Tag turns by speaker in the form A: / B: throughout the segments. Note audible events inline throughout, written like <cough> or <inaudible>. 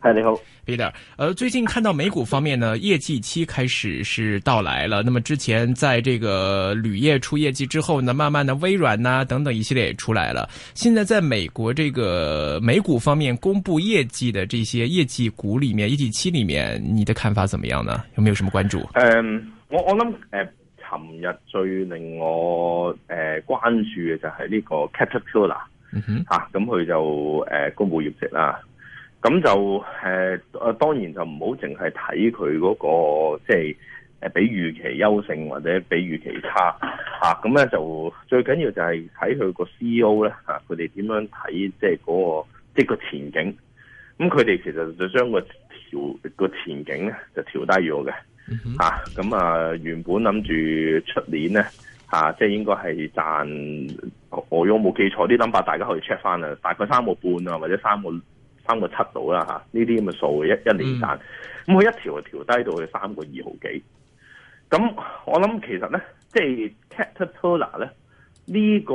A: 嗨，你好 Peter 呃。呃，最近看到美股方面呢，業績期開始是到來了。那麼之前在這個鋁業出業績之後呢，慢慢的微軟啊等等一系列也出來了。現在在美國這個美股方面公布業績的這些業績股裏面，業績期裏面，你的看法怎麼樣呢？有沒有什麼關注？
B: 誒、呃，我我諗誒，尋、呃、日最令我誒、呃、關注嘅就係呢個 Capital，、啊、嗯哼，吓、啊，咁佢就誒、呃、公布業績啦。咁就誒，誒、呃，當然就唔好淨係睇佢嗰個，即係誒，比預期優勝或者比預期差吓。咁、啊、咧就最緊要就係睇佢個 C E O 咧吓，佢哋點樣睇即係嗰、嗰個即個前景。咁佢哋其實就將個調個前景咧就調低咗嘅吓。咁啊，啊，原本諗住出年咧吓、啊，即係應該係賺我我如果冇記錯啲 number，大家可以 check 翻啦，大概三個半啊，或者三個。三個七度啦，嚇呢啲咁嘅數嘅一一年間，咁、嗯、佢一條就調低到去三個二毫幾。咁我諗其實咧，即係 Caterpillar 咧，呢、這個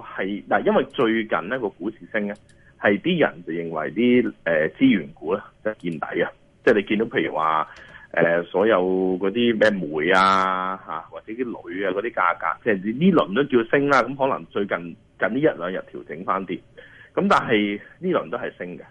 B: 係嗱，因為最近呢個股市升咧，係啲人就認為啲誒資源股咧即係見底啊，即、就、係、是、你見到譬如話誒、呃、所有嗰啲咩煤啊嚇，或者啲鋁啊嗰啲價格，即係呢輪都叫升啦，咁可能最近近呢一兩日調整翻啲，咁但係呢輪都係升嘅。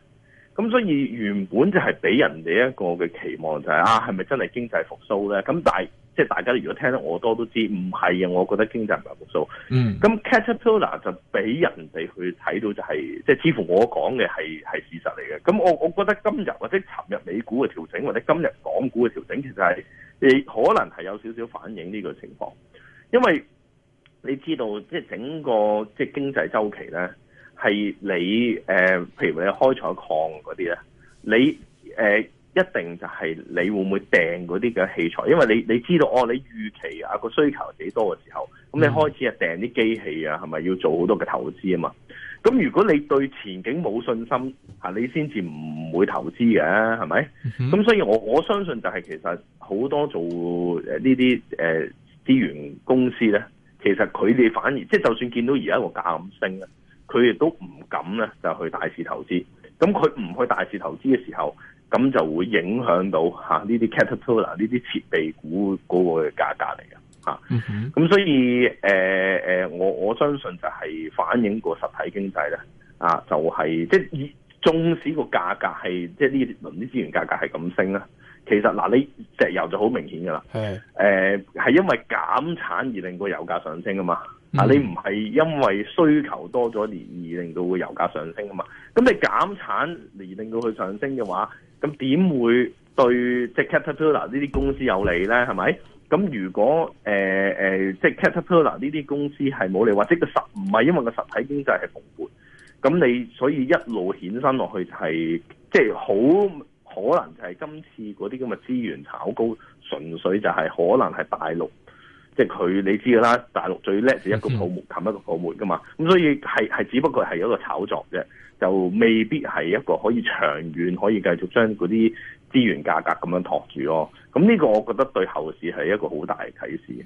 B: 咁所以原本就係俾人哋一個嘅期望就係啊，係咪真係經濟復甦咧？咁但係即係大家如果聽得我多都知，唔係啊。我覺得經濟唔係復甦。嗯，咁 Caterpillar 就俾人哋去睇到就係即係似乎我講嘅係係事實嚟嘅。咁我我覺得今日或者尋日美股嘅調整，或者今日港股嘅調整，其實係你可能係有少少反映呢個情況，因為你知道即係整個即係經濟周期咧。係你誒、呃，譬如你開採礦嗰啲咧，你誒、呃、一定就係你會唔會訂嗰啲嘅器材？因為你你知道哦，你預期啊個需求係幾多嘅時候，咁你開始啊訂啲機器啊，係咪要做好多嘅投資啊嘛？咁如果你對前景冇信心，係你先至唔會投資嘅、啊，係咪？咁、mm-hmm. 所以我我相信就係其實好多做誒呢啲誒資源公司咧，其實佢哋反而、mm-hmm. 即係就算見到而家個價咁升咧。佢亦都唔敢咧，就去大市投資。咁佢唔去大市投資嘅時候，咁就會影響到嚇呢啲 Caterpillar 呢啲設備股嗰個嘅價格嚟嘅嚇。咁、啊嗯、所以誒誒、呃，我我相信就係反映個實體經濟咧。啊，就係、是、即係縱使個價格係即係呢啲輪啲資源價格係咁升啦，其實嗱、啊、你石油就好明顯㗎啦。係誒，係、呃、因為減產而令個油價上升啊嘛。啊！你唔係因為需求多咗而令到個油價上升啊嘛？咁你減產而令到佢上升嘅話，咁點會對即係 Caterpillar 呢啲公司有利咧？係咪？咁如果誒、呃呃、即係 Caterpillar 呢啲公司係冇利，或者個實唔係因為個實體經濟係蓬勃，咁你所以一路衍生落去就係即係好可能就係今次嗰啲咁嘅資源炒高，純粹就係可能係大陸。即係佢你知噶啦，大陸最叻就一個泡沫冚一個泡沫噶嘛，咁所以係係只不過係一個炒作啫，就未必係一個可以長遠可以繼續將嗰啲資源價格咁樣托住咯。咁呢個我覺得對後市係一個好大嘅啟示。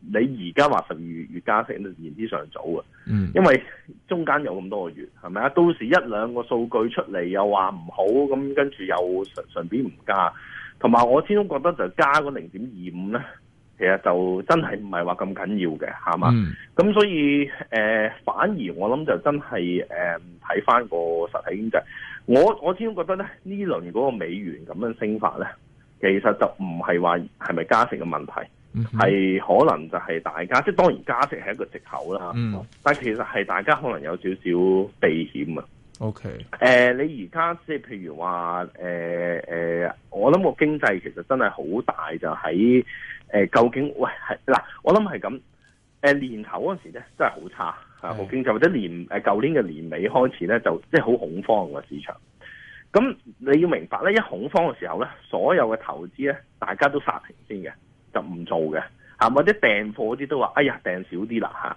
B: 你而家話十二月月加息，言之尚早啊。嗯，因為中間有咁多個月，係咪啊？到時一兩個數據出嚟又話唔好，咁跟住又順順便唔加，同埋我始終覺得就加個零點二五咧，其實就真係唔係話咁緊要嘅，係嘛？咁、嗯、所以誒、呃，反而我諗就真係誒，睇、呃、翻、個實體經濟。我我始終覺得咧，呢輪嗰個美元咁樣升法咧，其實就唔係話係咪加息嘅問題。係可能就係大家即係當然加息係一個借口啦，嗯，但係其實係大家可能有少少避險啊。O K. 誒，你而家即係譬如話誒誒，我諗個經濟其實真係好大就喺誒、呃，究竟喂，嗱、呃，我諗係咁誒，年頭嗰時咧真係好差啊，好經濟或者年誒舊年嘅年尾開始咧就即係好恐慌個市場。咁你要明白咧，一恐慌嘅時候咧，所有嘅投資咧，大家都殺停先嘅。唔做嘅嚇，或者訂貨嗰啲都話：哎呀，訂少啲啦嚇。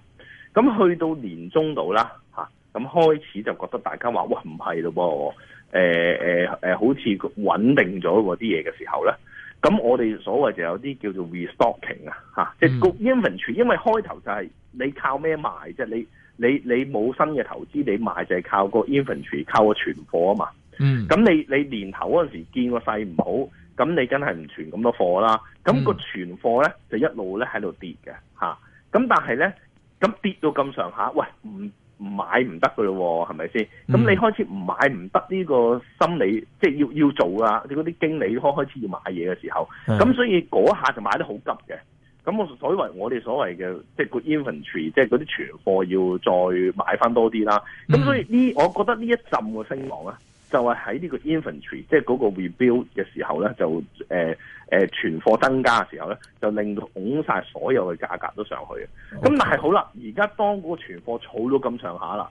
B: 咁、啊、去到年中度啦嚇，咁、啊、開始就覺得大家話：哇，唔係咯噃，誒、啊、誒、啊啊啊、好似穩定咗啲嘢嘅時候咧。咁我哋所謂就有啲叫做 restocking 啊嚇，即係個 inventory、嗯。因為開頭就係你靠咩賣啫？你你你冇新嘅投資，你賣就係靠個 inventory，靠個存貨啊嘛。嗯。咁你你年頭嗰陣時候見個勢唔好。咁你梗係唔存咁多貨啦，咁個存貨咧就一路咧喺度跌嘅嚇，咁、嗯、但係咧咁跌到咁上下，喂唔買唔得噶咯喎，係咪先？咁、嗯、你開始唔買唔得呢個心理，即、就、係、是、要要做啊！你嗰啲經理開開始要買嘢嘅時候，咁所以嗰下就買得好急嘅。咁我所謂我哋所謂嘅即係個 inventory，即係嗰啲存貨要再買翻多啲啦。咁、嗯、所以呢，我覺得呢一浸嘅升浪啊！就係喺呢個 inventory 即係嗰個 rebuild 嘅時候咧，就誒誒存貨增加嘅時候咧，就令到拱晒所有嘅價格都上去。咁、okay。但係好啦，而家當嗰個貨存貨儲到咁上下啦，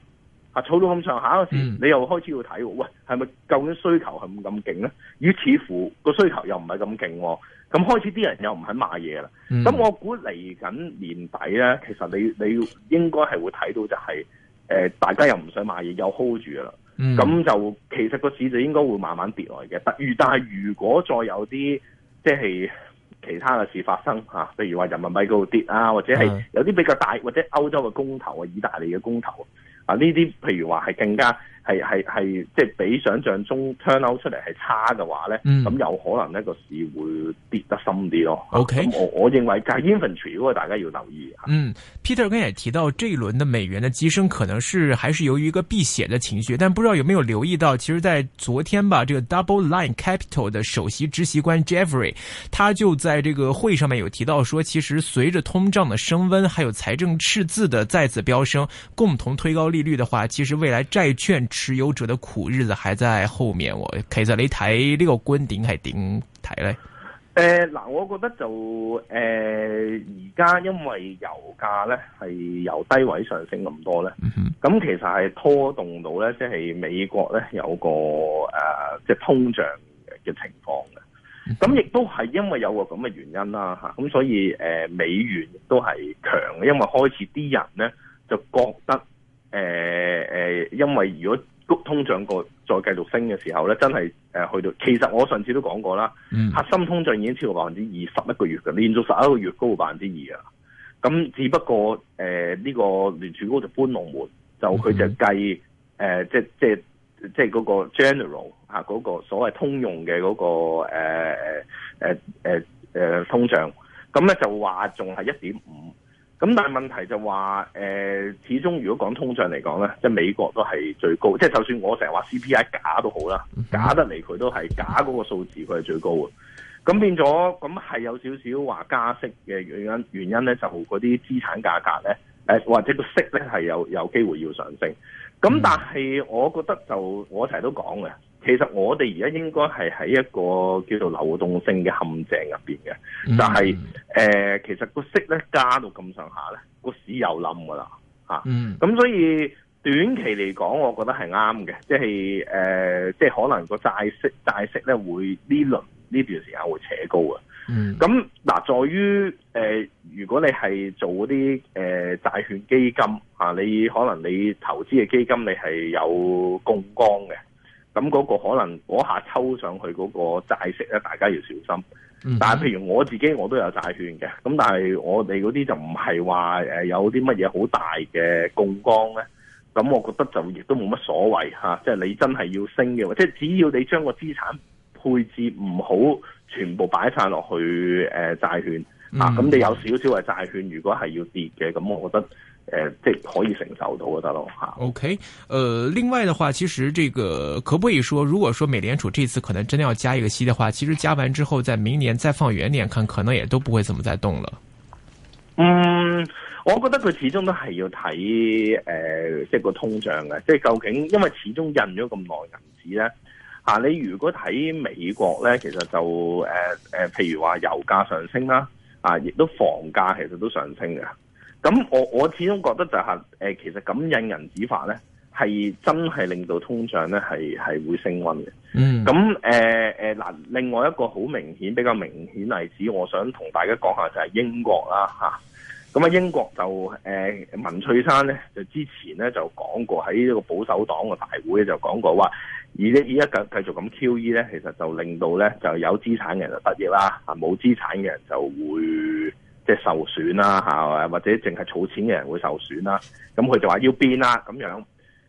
B: 啊儲到咁上下嗰時候，你又開始要睇喎，mm。喂係咪究竟需求係唔咁勁咧？於是乎個需求又唔係咁勁，咁開始啲人又唔肯買嘢啦。咁、mm。我估嚟緊年底咧，其實你你應該係會睇到就係、是、誒、呃、大家又唔想買嘢，又 hold 住啦。咁、嗯、就其實個市就應該會慢慢跌落嚟嘅。但如但係如果再有啲即係其他嘅事發生嚇，譬如話人民幣嗰度跌啊，或者係有啲比較大或者歐洲嘅公投啊、意大利嘅公投啊，呢啲譬如話係更加。係係係，即係比想象中 turn out 出嚟係差嘅話呢，咁、嗯、有可能呢個市會跌得深啲咯。OK，、啊、我我認為係 infantry 嗰個，我大家要留意
A: 嗯，Peter 剛也提到，這一輪的美元的急升，可能是還是由於一個避險嘅情緒，但不知道有冇留意到，其實在昨天吧，這個 Double Line Capital 的首席執行官 Jeffrey，他就在這個會上面有提到說，說其實隨著通脹的升溫，還有財政赤字的再次飆升，共同推高利率的話，其實未來債券。持有者的苦日子還在後面。我其實你睇呢個觀點係點睇咧？
B: 誒，嗱，我覺得就誒而家因為油價咧係由低位上升咁多咧，咁、嗯、其實係拖動到咧即係美國咧有個誒、呃、即係通脹嘅情況嘅，咁亦都係因為有個咁嘅原因啦吓，咁所以誒、呃、美元亦都係強，因為開始啲人咧就覺得。誒誒，因為如果通脹過再繼續升嘅時候咧，真係誒去到，其實我上次都講過啦，核心通脹已經超過百分之二十一個月嘅，連續十一個月高過百分之二啊。咁只不過誒呢、呃這個聯儲高就搬龍門，就佢就計誒、嗯呃、即即即嗰個 general 嚇、啊、嗰、那個所謂通用嘅嗰、那個誒誒誒誒通脹，咁咧就話仲係一點五。咁但係問題就話，誒始終如果講通脹嚟講咧，即係美國都係最高。即係就算我成日話 CPI 假都好啦，假得嚟佢都係假嗰個數字，佢係最高嘅。咁變咗，咁係有少少話加息嘅原因，原因咧就嗰啲資產價格咧，誒或者個息咧係有有機會要上升。咁但係我覺得就我成日都講嘅。其實我哋而家應該係喺一個叫做流動性嘅陷阱入面嘅、嗯，但係、呃、其實個息咧加到咁上下咧，個市又冧噶啦。咁所以短期嚟講，我覺得係啱嘅，即係即係可能個債息、債息咧會呢輪呢段時間會扯高啊。咁、嗯、嗱、呃，在於、呃、如果你係做嗰啲誒債券基金啊，你可能你投資嘅基金你係有槓桿嘅。咁、那、嗰個可能嗰下抽上去嗰個債息咧，大家要小心。但係譬如我自己，我都有債券嘅。咁但係我哋嗰啲就唔係話誒有啲乜嘢好大嘅槓桿咧。咁我覺得就亦都冇乜所謂嚇。即、啊、係、就是、你真係要升嘅，即係只要你將個資產配置唔好全部擺晒落去誒債券啊，咁你有少少嘅債券，如果係要跌嘅，咁我覺得。誒、呃，即係可以承受到得咯吓。
A: OK，誒，另外的話，其實這個可唔可以說，如果說美聯儲這次可能真的要加一個息的話，其實加完之後，在明年再放遠點看，可能也都不會怎麼再動
B: 了。嗯，我覺得佢始終都係要睇誒、即、呃、係、這個通脹嘅，即係究竟因為始終印咗咁耐銀紙咧，吓你如果睇美國咧，其實就誒誒、譬、呃呃、如話油價上升啦，啊，亦都房價其實都上升嘅。咁我我始終覺得就係、是、誒、呃，其實咁印人指法咧，係真係令到通脹咧係係會升溫嘅。嗯、mm.。咁誒誒嗱，另外一個好明顯比較明顯例子，我想同大家講下就係英國啦吓。咁啊，英國就誒、呃、文翠山咧，就之前咧就講過喺呢個保守黨嘅大會就講過話，而咧依家繼續咁 QE 咧，其實就令到咧就有資產嘅人就得益啦，冇資產嘅人就會。即係受損啦嚇，或者淨係儲錢嘅人會受損啦。咁佢就話要變啦咁樣。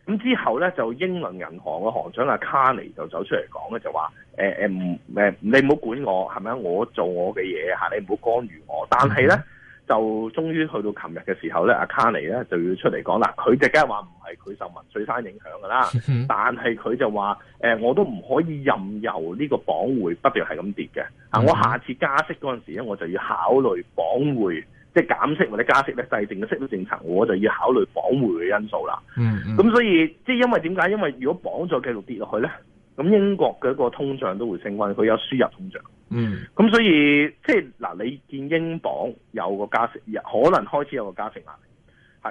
B: 咁之後咧就英倫銀行嘅行長阿卡尼就走出嚟講咧，就話誒誒唔誒，你唔好管我係咪啊，我做我嘅嘢嚇，你唔好干預我。但係咧，嗯就終於去到琴日嘅時候咧，阿卡尼咧就要出嚟講啦。佢直接話唔係佢受文翠珊影響㗎啦， <laughs> 但係佢就話：我都唔可以任由呢個鎊匯不斷係咁跌嘅。啊，我下次加息嗰陣時咧，我就要考慮鎊匯，即係減息或者加息咧制定嘅息率政策，我就要考慮鎊匯嘅因素啦。嗯，咁所以即係因為點解？因為如果鎊再繼續跌落去咧？咁英國嘅個通脹都會升溫，佢有輸入通脹。嗯，咁所以即係嗱，你見英鎊有個加息，可能開始有個加息壓力。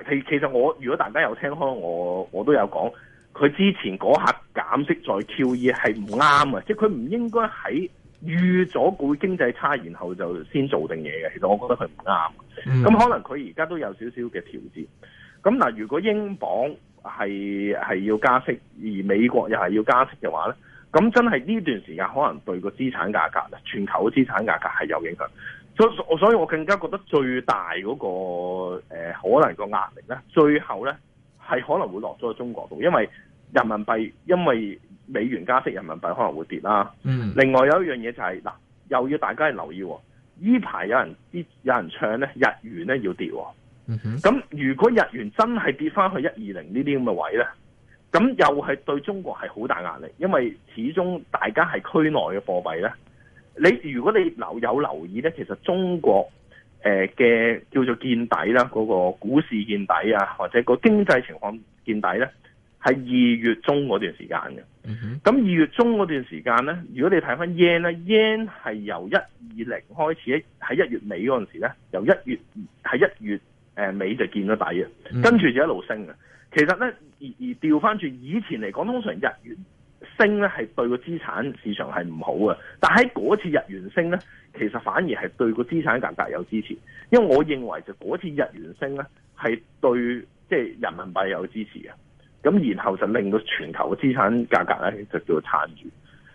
B: 係其其實我如果大家有聽開我，我都有講，佢之前嗰下減息再 QE 係唔啱嘅，即係佢唔應該喺預咗股經濟差，然後就先做定嘢嘅。其實我覺得佢唔啱。
C: 咁、嗯、可能
B: 佢而家都有少少嘅調節。咁嗱，如果英鎊係係要加息，而美國又係要加息嘅話呢，咁真係呢段時間可能對個資產價格，全球嘅資產價格係有影響。所以我更加覺得最大嗰個誒，可能個壓力呢，最後呢係可能會落咗喺中國度，因為人民幣因為美元加息，人民幣可能會跌啦。嗯。另外有一樣嘢就係嗱，又要大家留意，呢排有人啲有人唱呢，日元呢要跌。咁如果日元真係跌翻去一二零呢啲咁嘅位咧，咁又係對中國係好大壓力，因為始終大家係區內嘅貨幣咧。你如果你留有留意咧，其實中國誒嘅，呃、叫做見底啦，嗰個股市見底啊，或者個經濟情況見底咧，係二月中嗰段時間嘅。咁二月中嗰段時間咧，如果你睇翻 yen 咧，yen 係由一二零開始喺一月尾嗰陣時咧，由一月喺一月。誒美就見到底啊，跟住就一路升啊。其實咧，而而調翻轉以前嚟講，通常日元升咧係對個資產市場係唔好嘅。但係嗰次日元升咧，其實反而係對個資產價格,格有支持，因為我認為就嗰次日元升咧係對即係人民幣有支持嘅。咁然後就令到全球嘅資產價格咧就叫做撐住。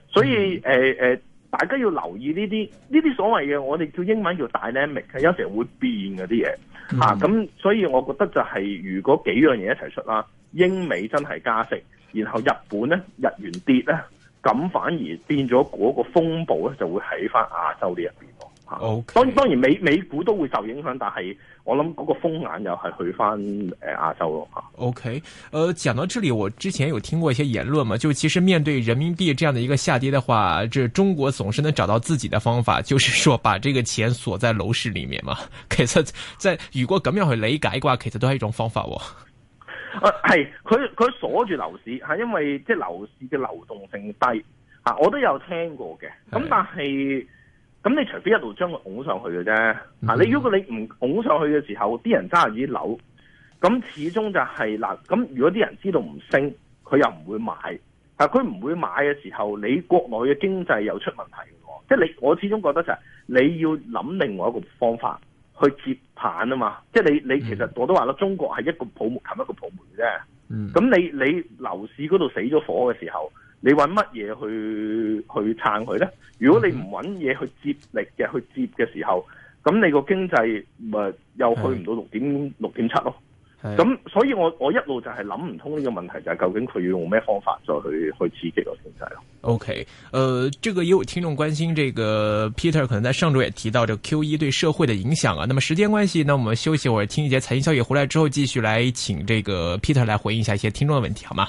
B: 所以誒誒。呃呃大家要留意呢啲呢啲所謂嘅，我哋叫英文叫 dynamic，有時候會變嗰啲嘢吓，咁、嗯啊、所以我覺得就係、是、如果幾樣嘢一齊出啦，英美真係加息，然後日本咧日元跌咧，咁反而變咗嗰個風暴咧就會喺翻亞洲呢一邊咯。O，、okay。當當然美美股都會受影響，但係我諗嗰個風眼又係去翻誒亞洲咯。
A: OK，誒、呃，講到這裏，我之前有聽過一些言論嘛，就其實面對人民幣這樣的一個下跌的話，這中國總是能找到自己的方法，就是說把這個錢鎖在樓市裏面嘛。其實即如果咁樣去理解嘅話，其實都係一種方法、哦。
B: 誒、呃，係，佢佢鎖住樓市，係因為即係樓市嘅流動性低。吓，我都有聽過嘅，咁但係。咁你除非一路將佢拱上去嘅啫，嗱，你如果你唔拱上去嘅時候，啲人揸住啲樓，咁始終就係、是、嗱，咁如果啲人知道唔升，佢又唔會買，但佢唔會買嘅時候，你國內嘅經濟又出問題，即係你我始終覺得就係、是、你要諗另外一個方法去接棒啊嘛，mm-hmm. 即係你你其實我都話啦，中國係一個泡沫，冚一個泡沫啫，咁、mm-hmm. 你你樓市嗰度死咗火嘅時候，你揾乜嘢去去撐佢咧？如果你唔揾嘢去接力嘅、嗯、去接嘅時候，咁你個經濟咪又去唔到六點六點七咯？咁所以我我一路就係諗唔通呢個問題就係究竟佢要用咩方法再去去，去刺激個經濟咯
A: ？OK，誒、呃，這個也有聽眾關心，這個 Peter 可能在上周也提到，這個 QE 對社會的影響啊。那麼時間關係，呢我們休息會兒，聽一節財經消息回來之後繼續來請這個 Peter 來回應一下一些聽眾的問題，好嗎？